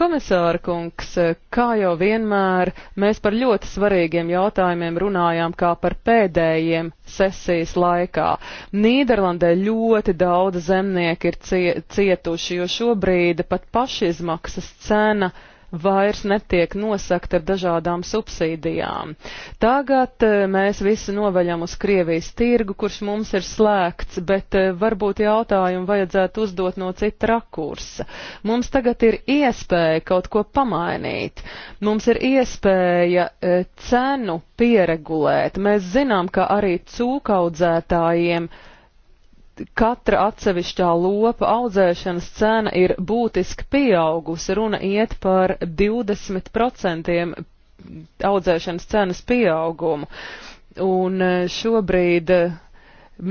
Komisāra kungs, kā jau vienmēr, mēs par ļoti svarīgiem jautājumiem runājām kā par pēdējiem sesijas laikā. Nīderlandē ļoti daudz zemnieki ir cietuši, jo šobrīd pat pašizmaksas cena vairs netiek nosakta ar dažādām subsīdijām. Tagad eh, mēs visu noveļam uz Krievijas tirgu, kurš mums ir slēgts, bet eh, varbūt jautājumu vajadzētu uzdot no cita rakursa. Mums tagad ir iespēja kaut ko pamainīt. Mums ir iespēja eh, cenu pieregulēt. Mēs zinām, ka arī cūkaudzētājiem katra atsevišķā lopa audzēšanas cena ir būtiski pieaugusi. Runa iet par 20% audzēšanas cenas pieaugumu. Un e, šobrīd e,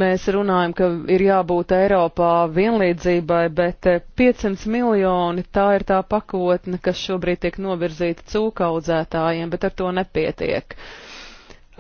mēs runājam, ka ir jābūt Eiropā vienlīdzībai, bet 500 e, miljoni tā ir tā pakotne, kas šobrīd tiek novirzīta cūkaudzētājiem, bet ar to nepietiek. Uh,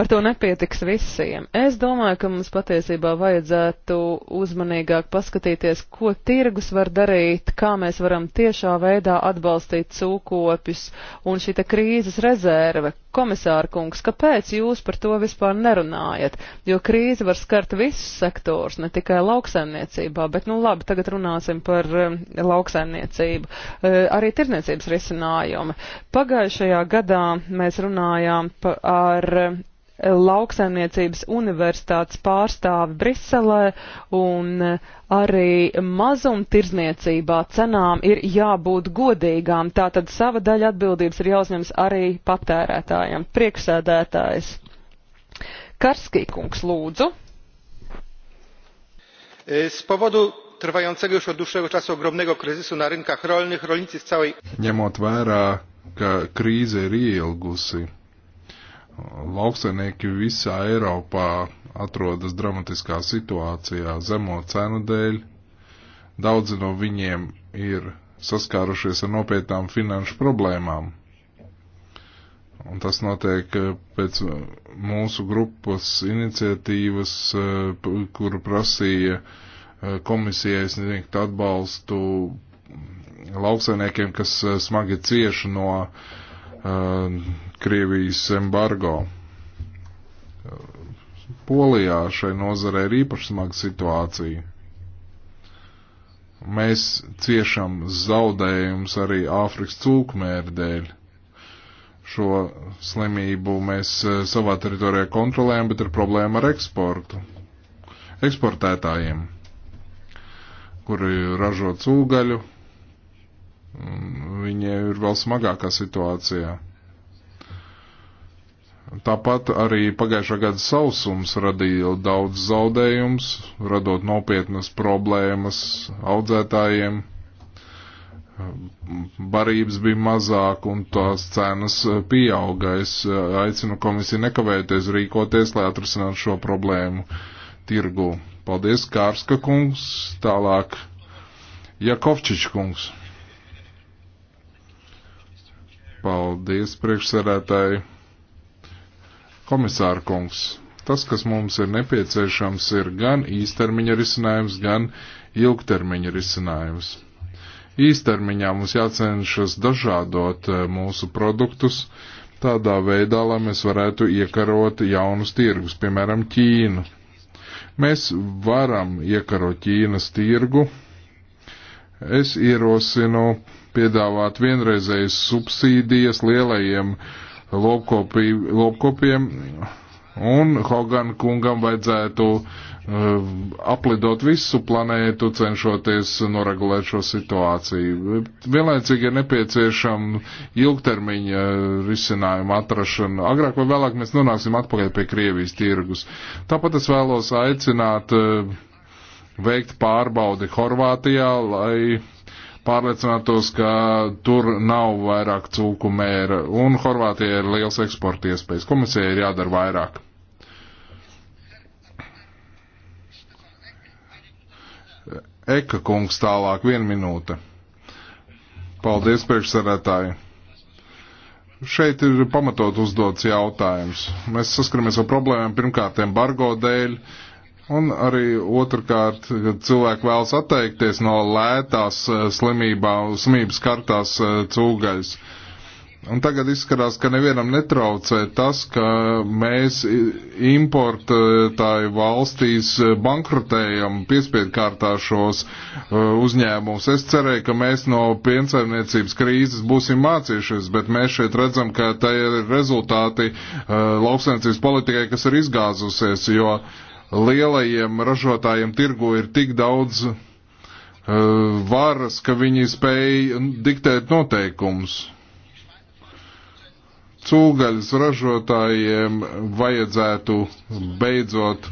ar to nepietiks visiem. Es domāju, ka mums patiesībā vajadzētu uzmanīgāk paskatīties, ko tirgus var darīt, kā mēs varam tiešā veidā atbalstīt cūkopjus un šī krīzes rezerve. Komisāra kungs, kāpēc jūs par to vispār nerunājat? Jo krīze var skart visus sektors, ne tikai lauksaimniecībā, bet nu labi, tagad runāsim par um, lauksaimniecību. Uh, arī tirniecības risinājumi. Pagājušajā gadā mēs runājām par lauksaimniecības universitātes pārstāvi Briselē, un arī mazumtirzniecībā cenām ir jābūt godīgām, tātad sava daļa atbildības ir jāuzņems arī patērētājiem. Priekšsēdētājs Karskīkungs lūdzu. E, z powodu trwającego już od dłuższego czasu ogromnego kryzysu na rynkach rolnych rolnicy w całej. Ņemot vērā, ka krīze ir ielgusi Lauksainieki visā Eiropā atrodas dramatiskā situācijā zemo cenu dēļ. Daudzi no viņiem ir saskārušies ar nopietnām finanšu problēmām. Un tas notiek eh, pēc eh, mūsu grupas iniciatīvas, eh, kuru prasīja komisijai sniegt atbalstu lauksainiekiem, kas smagi cieši no uh, Krievijas embargo. Polijā šai nozarei ir īpaši smaga situācija. Mēs ciešam zaudējumus arī Āfrikas cūkmēra dēļ. Šo slimību mēs eh, savā teritorijā kontrolējam, bet ir problēma ar eksportu. Eksportētājiem, kuri ražo cūgaļu, viņiem ir vēl smagākā situācijā. Tāpat arī pagājušā gada sausums radīja daudz zaudējums, radot nopietnas problēmas audzētājiem. Barības bija mazāk un tās cenas pieauga. Es eh, aicinu komisiju nekavēties rīkoties, lai atrisinātu šo problēmu tirgu. Paldies, Kārska kungs, tālāk Jakovčič kungs. Paldies, priekšsēdētāji. Komisāra kungs, tas, kas mums ir nepieciešams, ir gan īstermiņa risinājums, gan ilgtermiņa risinājums. Īstermiņā mums jācenšas dažādot eh, mūsu produktus tādā veidā, lai mēs varētu iekarot jaunus tirgus, piemēram, Ķīnu. Mēs varam iekarot Ķīnas tirgu. Es ierosinu piedāvāt vienreizējas subsīdijas lielajiem uh, lopkopī, lopkopiem, un Hogan kungam vajadzētu uh, aplidot visu planētu, cenšoties noregulēt šo situāciju. Vienlaicīgi ir nepieciešama ilgtermiņa risinājuma atrašana. Agrāk vai vēlāk mēs nonāksim atpakaļ pie Krievijas tirgus. Tāpat es vēlos aicināt uh, veikt pārbaudi Horvātijā, lai pārliecinātos, ka tur nav vairāk cūku mēra, un Horvātija ir liels eksporta iespējas. Komisija ir jādara vairāk. Eka kungs tālāk, viena minūte. Paldies, priekšsarētāji. Šeit ir pamatot uzdots jautājums. Mēs saskaramies ar problēmām pirmkārt embargo dēļ, uh, Un arī otrkārt, kad cilvēki vēlas atteikties no lētās eh, slimībā, slimības kartās eh, cūgaļas. Un tagad izskatās, ka nevienam netraucē tas, ka mēs importētāju valstīs eh, bankrotējam piespiedu kārtā šos uzņēmumus. Es cerēju, ka mēs no piensaimniecības krīzes būsim mācījušies, bet mēs šeit redzam, ka tā ir rezultāti lauksaimniecības politikai, kas ir izgāzusies, jo uh, lielajiem ražotājiem tirgu ir tik daudz uh, varas, ka viņi spēj diktēt noteikumus. Cūgaļas ražotājiem vajadzētu beidzot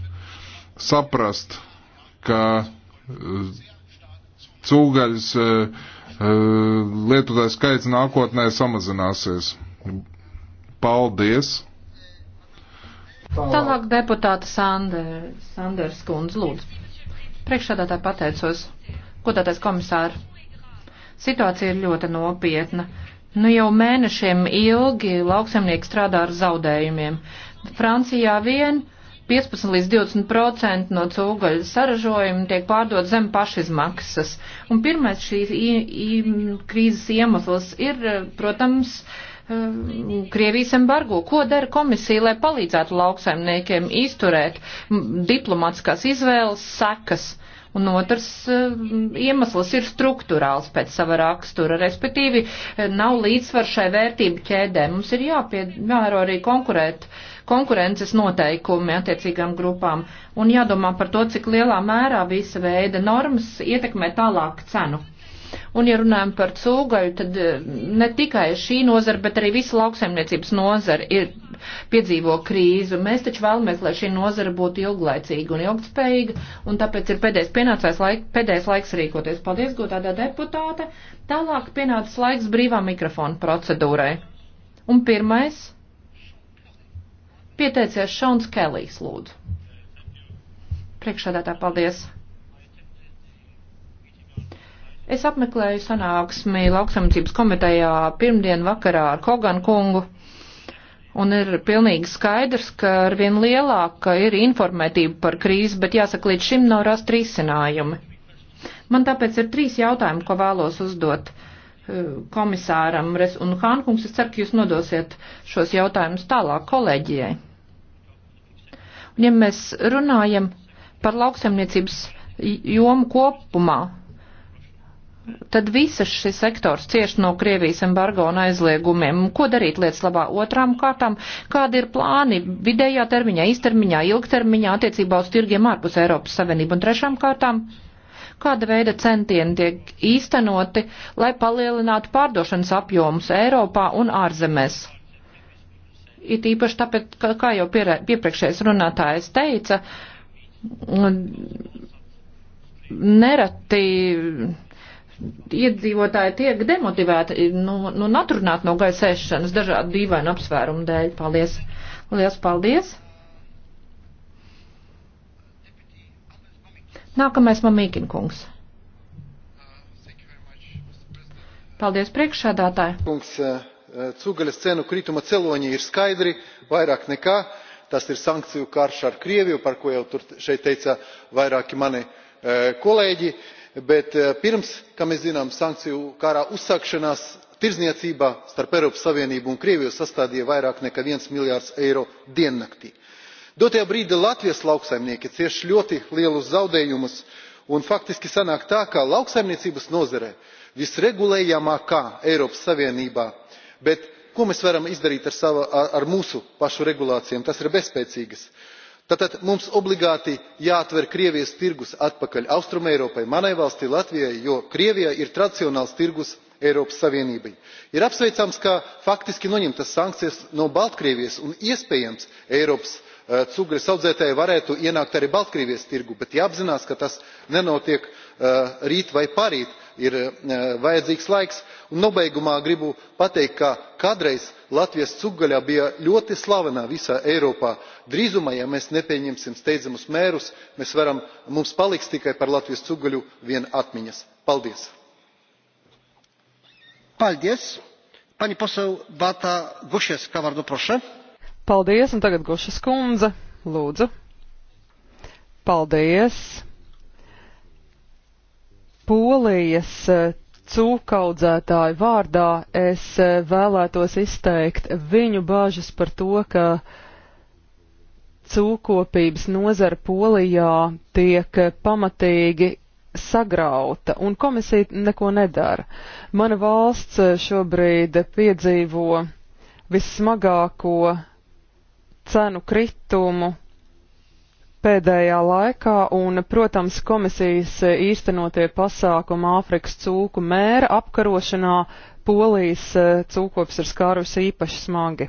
saprast, ka uh, cūgaļas uh, uh lietotāju skaits nākotnē samazināsies. Paldies! Tālāk deputāta Sander, Sanders Kundz, lūdzu. Priekšādātāji pateicos. Godātais komisāri, situācija ir ļoti nopietna. Nu jau mēnešiem ilgi lauksemnieki strādā ar zaudējumiem. Francijā vien 15 līdz 20 procenti no cūgaļa saražojuma tiek pārdot zem pašizmaksas. Un pirmais šīs krīzes iemesls ir, protams, uh, Krievijas embargo. Ko dara komisija, lai palīdzētu lauksaimniekiem izturēt diplomatiskās izvēles sekas? Un otrs e, iemesls ir struktūrāls pēc sava rakstura, respektīvi e, nav līdzsvar šai vērtību ķēdē. Mums ir jāpiemēro arī konkurēt, konkurences noteikumi attiecīgām grupām un jādomā par to, cik lielā mērā visa veida normas ietekmē tālāk cenu. Un, ja runājam par cūgaļu, tad eh, ne tikai šī nozara, bet arī visa lauksaimniecības nozara ir piedzīvo krīzi. Mēs taču vēlamies, lai šī nozara būtu ilglaicīga un ilgtspējīga, un tāpēc ir pēdējais pienācais laik, pēdējais laiks rīkoties. Paldies, gotādā deputāte. Tālāk pienācis laiks brīvā mikrofona procedūrai. Un pirmais pieteicies Šauns Kelijs, lūdzu. Priekšādā tā paldies. Es apmeklēju sanāksmi lauksamniecības komitejā pirmdien vakarā ar Kogan kungu. Un ir pilnīgi skaidrs, ka ar vien lielāka ir informētība par krīzi, bet jāsaka, līdz šim nav rast risinājumi. Man tāpēc ir trīs jautājumi, ko vēlos uzdot eh, komisāram un Hānkungs. Es ceru, ka jūs nodosiet šos jautājumus tālāk kolēģijai. Un ja mēs runājam par lauksaimniecības jomu kopumā, tad visas šis sektors cieš no Krievijas embargo un aizliegumiem. Ko darīt lietas labā otrām kārtām? Kādi ir plāni vidējā termiņā, īstermiņā, ilgtermiņā attiecībā uz tirgiem ārpus Eiropas Savienību un trešām kārtām? Kāda veida centieni tiek īstenoti, lai palielinātu pārdošanas apjomus Eiropā un ārzemēs? It īpaši tāpēc, ka, kā jau piepriekšējais runātājs teica, nereti iedzīvotāji tiek demotivēti, nu, nu naturināti no gaisēšanas dažādu dīvainu apsvērumu dēļ. Paldies! Lielas paldies! Nākamais mamīkin kungs. Paldies priekšsādātāji. Kungs, eh, eh, cugaļas cenu krituma celoņi ir skaidri, vairāk nekā. Tas ir sankciju karš ar Krieviju, par ko jau tur šeit teica vairāki mani eh, kolēģi. Uh, bet eh, pirms kā mēs zinām sankciju kara uzsākšanās tirdzniecība starp eiropas savienību un krieviju sastādīja vairāk nekā viens miljards eiro diennaktī. dotajā brīdī latvijas lauksaimnieki cieš ļoti lielus zaudējumus un faktiski sanāk tā ka lauksaimniecības nozare visregulējamākā eiropas savienībā bet ko mēs varam izdarīt ar, sava, ar mūsu pašu regulācijām tās ir bezspēcīgas tātad mums obligāti jāatver krievijas tirgus atpakaļ austrumeiropai manai valstij latvijai jo krievijai ir tradicionāls tirgus eiropas savienībai. ir apsveicams ka faktiski noņemtas sankcijas no baltkrievijas un iespējams eiropas e, cukura audzētāji varētu ienākt arī baltkrievijas tirgu bet jāapzinās ka tas nenotiek e, rīt vai parīt ir e, vajadzīgs laiks. un nobeigumā gribu pateikt ka kādreiz latvijas cūgaļa bija ļoti slavena visā eiropā. drīzumā ja mēs nepieņemsim steidzamus mērus mums paliks tikai par latvijas cūgaļu vien atmiņas. paldies! Paldies. Pani poseł Bata Gosiewska, bardzo proszę. Paldies, un tagad Gošas kundze, lūdzu. Paldies! Polijas eh, cūkaudzētāju vārdā es eh, vēlētos izteikt viņu bāžas par to, ka cūkopības nozara Polijā tiek eh, pamatīgi sagrauta, un komisija neko nedara. Mana valsts šobrīd piedzīvo vissmagāko cenu kritumu pēdējā laikā, un, protams, komisijas īstenotie pasākumi Āfrikas cūku mēra apkarošanā Polijas e, cūkops ir skārus īpaši smagi.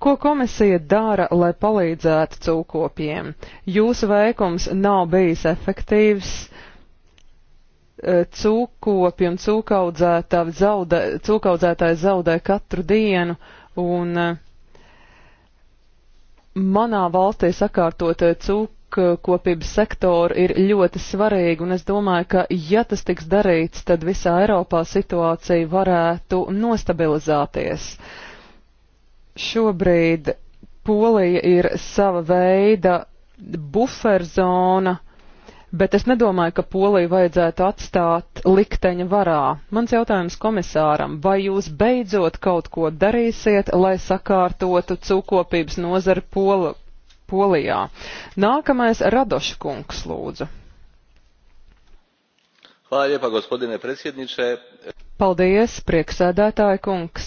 Ko komisija dara, lai palīdzētu cūkopiem? Jūsu veikums nav bijis efektīvs. E, cūkopi un cūkaudzētāji zaudē, cūkaudzētāji zaudē katru dienu, un e, manā valstī sakārtot cūku lopkopības sektoru ir ļoti svarīga, un es domāju, ka, ja tas tiks darīts, tad visā Eiropā situācija varētu nostabilizēties. Šobrīd Polija ir sava veida buferzona, bet es nedomāju, ka Poliju vajadzētu atstāt likteņa varā. Mans jautājums komisāram, vai jūs beidzot kaut ko darīsiet, lai sakārtotu cūkopības nozari Pola, Polijā. Nākamais Radoša kungs lūdzu. Hvala, gospodine predsjedniče. Paldies, prieksēdētāja kungs.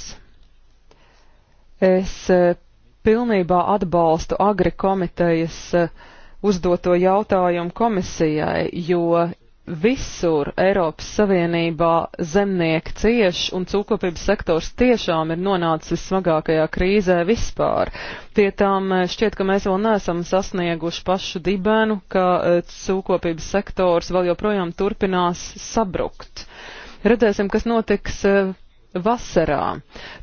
Es eh, pilnībā atbalstu Agri komitejas eh, uzdoto jautājumu komisijai, jo visur Eiropas Savienībā zemnieki cieš un cūkopības sektors tiešām ir nonācis vissmagākajā krīzē vispār. Tie tām eh, šķiet, ka mēs vēl neesam sasnieguši pašu dibenu, ka eh, cūkopības sektors vēl joprojām turpinās sabrukt. Redzēsim, kas notiks eh, vasarā.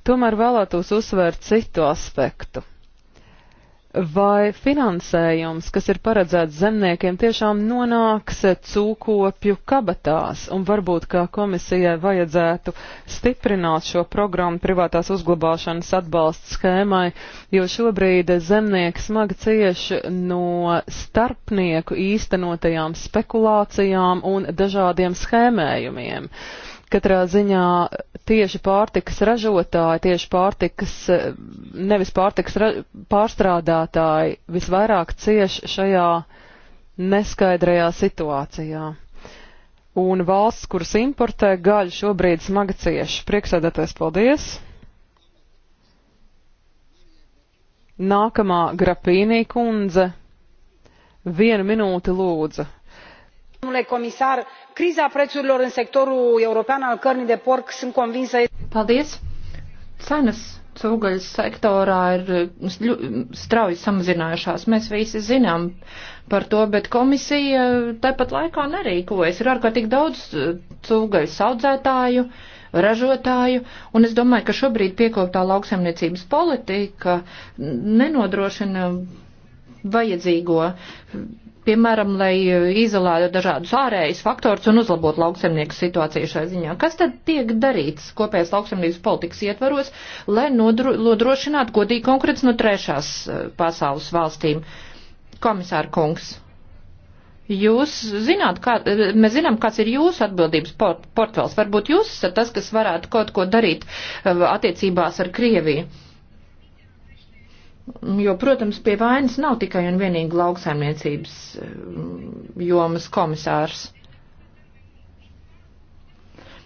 Tomēr vēlētos uzsvērt citu aspektu vai finansējums, kas ir paredzēts zemniekiem, tiešām nonāks cūkopju kabatās, un varbūt kā komisijai vajadzētu stiprināt šo programmu privātās uzglabāšanas atbalsta schēmai, jo šobrīd zemnieki smagi cieši no starpnieku īstenotajām spekulācijām un dažādiem schēmējumiem. Uh, Katrā ziņā tieši pārtikas ražotāji, tieši pārtikas, nevis pārtikas pārstrādātāji visvairāk cieš šajā neskaidrajā situācijā. Un valsts, kuras importē gaļu, šobrīd smagi cieši. Prieksēdētais paldies! Nākamā grapīnī kundze. Vienu minūti lūdzu domnule comisar criza prețurilor în sectorul european al cărnii de porc sunt convinsă. Paldies! Cenas cūgaļas sektorā ir strauji samazinājušās. Mēs visi zinām par to, bet komisija tāpat laikā nerīkojas. Ir ārkārtīgi daudz e, cūgaļas audzētāju ražotāju, un es domāju, ka šobrīd piekoptā lauksaimniecības politika nenodrošina vajadzīgo piemēram, lai eh, izolētu dažādus ārējus faktors un uzlabot lauksemnieku situāciju šai ziņā. Kas tad tiek darīts kopējās lauksemniecības politikas ietvaros, lai nodrošinātu godīgi konkurence no trešās eh, pasaules valstīm? Komisāra kungs. Jūs zināt, kā, eh, mēs zinām, kāds ir jūsu atbildības port portfels. Varbūt jūs esat tas, kas varētu kaut ko darīt attiecībās ar Krieviju. Jo, protams, pie vainas nav tikai un vienīgi lauksaimniecības eh, jomas komisārs.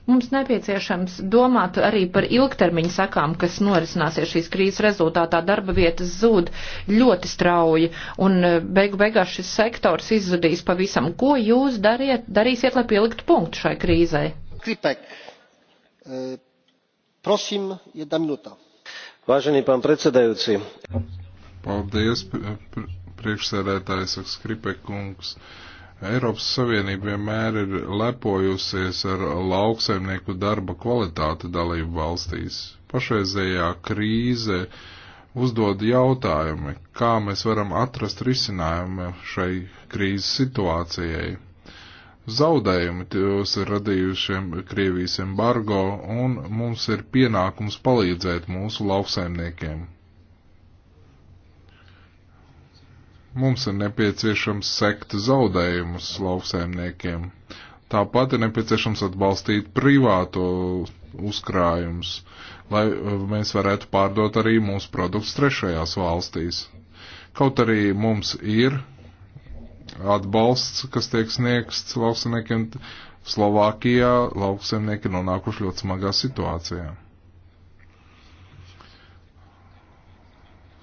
Mums nepieciešams domāt arī par ilgtermiņa sakām, kas norisināsies šīs krīzes rezultātā. Darba vietas zūd ļoti strauji, un eh, beigu beigās šis sektors izzudīs pavisam. Ko jūs dariet, darīsiet, lai pieliktu punktu šai krīzei? Kripek, eh, prosim, jedna minūte. Vážený pán predsedajúci. Paldies, priekšsēdētājs Skripekungs. Eiropas Savienība vienmēr ir lepojusies ar lauksaimnieku darba kvalitāti dalību valstīs. Pašreizējā krīze uzdod jautājumi, kā mēs varam atrast risinājumu šai krīzes situācijai zaudējumi tos ir radījušiem Krievijas embargo, un mums ir pienākums palīdzēt mūsu lauksaimniekiem. Mums ir nepieciešams sekt zaudējumus lauksaimniekiem. Tāpat ir nepieciešams atbalstīt privāto uzkrājumus, lai eh, mēs varētu pārdot arī mūsu produktus trešajās valstīs. Kaut arī mums ir atbalsts, kas tiek sniegts lauksaimniekiem Slovākijā, lauksaimnieki nonākuši ļoti smagā situācijā.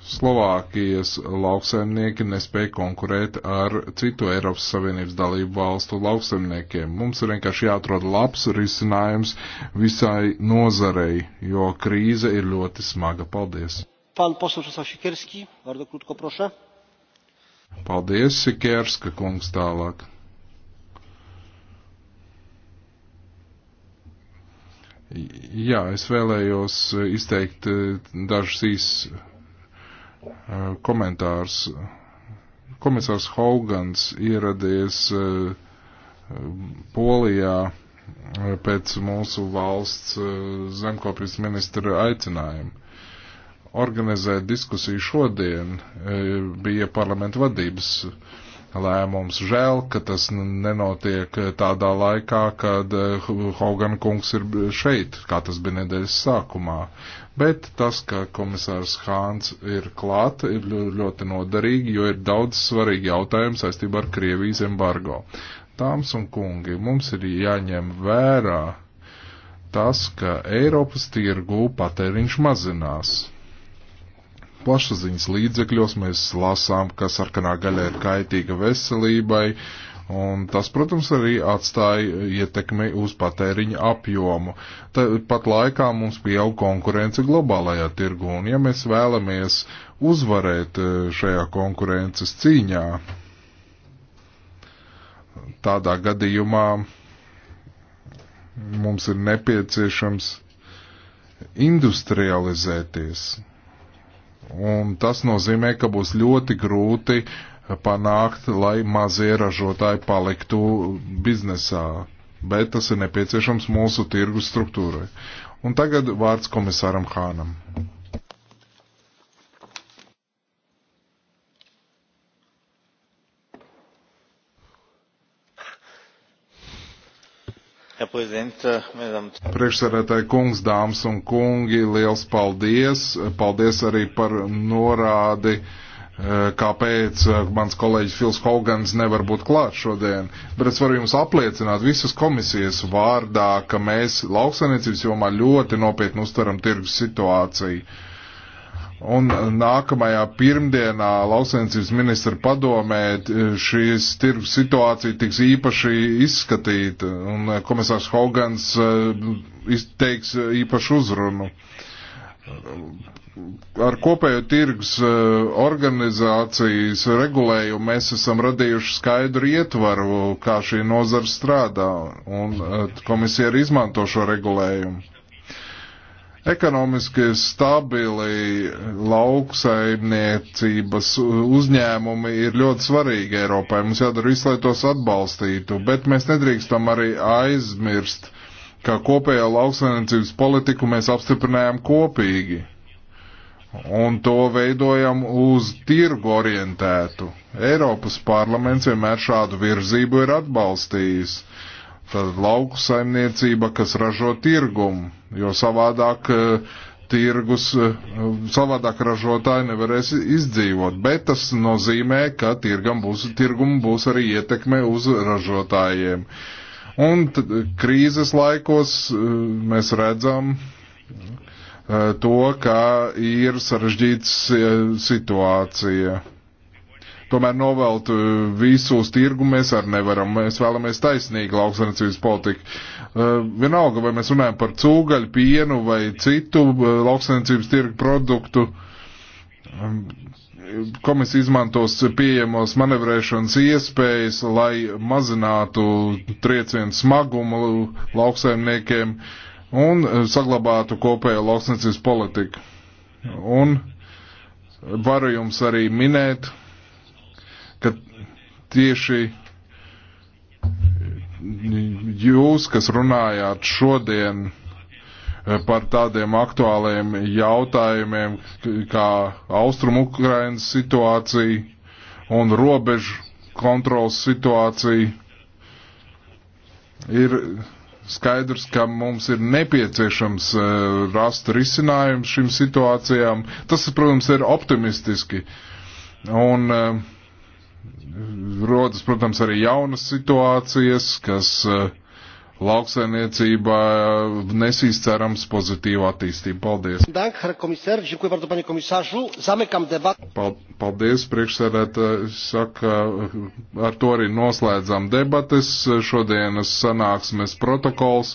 Slovākijas lauksaimnieki nespēja konkurēt ar citu Eiropas Savienības dalību valstu lauksaimniekiem. Mums ir vienkārši jāatrod labs risinājums visai nozarei, jo krīze ir ļoti smaga. Paldies! Pan poseł Czesław Sikierski, bardzo krótko proszę. Paldies, Sikērska kungs tālāk. Jā, es vēlējos izteikt eh, dažus īs eh, komentārus. Komisārs Haugans ieradies eh, Polijā pēc mūsu valsts zemkopības ministra aicinājuma organizēt diskusiju šodien e, bija parlamenta vadības lēmums. Žēl, ka tas nenotiek tādā laikā, kad e, Hogan kungs ir šeit, kā tas bija nedēļas sākumā. Bet tas, ka komisārs Hāns ir klāt, ir ļoti noderīgi, jo ir daudz svarīgi jautājumi saistībā ar Krievijas embargo. Tāms un kungi, mums ir jāņem vērā tas, ka Eiropas tirgū patēriņš mazinās plašsaziņas līdzekļos mēs lasām, ka sarkanā gaļa ir kaitīga veselībai, un tas, protams, arī atstāja ietekmi uz patēriņa apjomu. Tāpat laikā mums pieaug konkurence globālajā tirgu, un ja mēs vēlamies uzvarēt e, šajā konkurences cīņā, tādā gadījumā mums ir nepieciešams industrializēties Un tas nozīmē, ka būs ļoti grūti panākt, lai mazie ražotāji paliktu biznesā. Bet tas ir nepieciešams mūsu tirgus struktūrai. Un tagad vārds komisāram Hānam. Priekšsēdētāji kungs, dāmas un kungi, liels paldies! Paldies arī par norādi, eh, kāpēc eh, mans kolēģis Fils Hogans nevar būt klāt šodien. Bet es varu jums apliecināt visas komisijas vārdā, ka mēs lauksainiecības jomā ļoti nopietni uztveram tirgus situāciju Un nākamajā pirmdienā lauksainicības ministra padomē šīs tirgus situācija tiks īpaši izskatīta, un eh, komisārs Hogans eh, izteiks eh, īpašu uzrunu. Ar kopējo tirgus organizācijas regulējumu mēs esam radījuši skaidru ietvaru, kā šī nozara strādā, un komisija arī izmanto šo regulējumu Ekonomiski stabili lauksaimniecības uzņēmumi ir ļoti svarīgi Eiropai. Mums jādara visu, lai tos atbalstītu, bet mēs nedrīkstam arī aizmirst, ka kopējo lauksaimniecības politiku mēs apstiprinājām kopīgi. Un to veidojam uz tirgu orientētu. Eiropas parlaments vienmēr šādu virzību ir atbalstījis Tad lauku saimniecība, kas ražo tirgumu, jo savādāk eh, tirgus, eh, savādāk ražotāji nevarēs izdzīvot. Bet tas nozīmē, ka tirgam būs, tirgum būs arī ietekme uz ražotājiem. Un krīzes laikos eh, mēs redzam to, ka ir sarežģīts situācija tomēr novelt eh, visu uz tirgu mēs arī nevaram. Mēs vēlamies taisnīgu lauksaimniecības politiku. Eh, vienalga, vai mēs runājam par cūgaļu, pienu vai citu eh, lauksaimniecības tirgu produktu, komisija izmantos pieejamos manevrēšanas iespējas, lai mazinātu triecienu smagumu lauksaimniekiem un saglabātu kopējo lauksniecības politiku. Un varu jums arī minēt, tieši jūs, kas runājāt šodien eh, par tādiem aktuāliem jautājumiem kā Austrum Ukrainas situācija un robežu kontrols situācija, ir skaidrs, ka mums ir nepieciešams eh, rast risinājums šīm situācijām. Tas, protams, ir optimistiski. Un uh, rodas, protams, arī jaunas situācijas, kas eh, lauksainiecībā eh, nesīs cerams pozitīvu attīstību. Paldies! Paldies, priekšsēdētāji, saka, eh, ar to arī noslēdzam debates. Šodienas sanāksmes protokols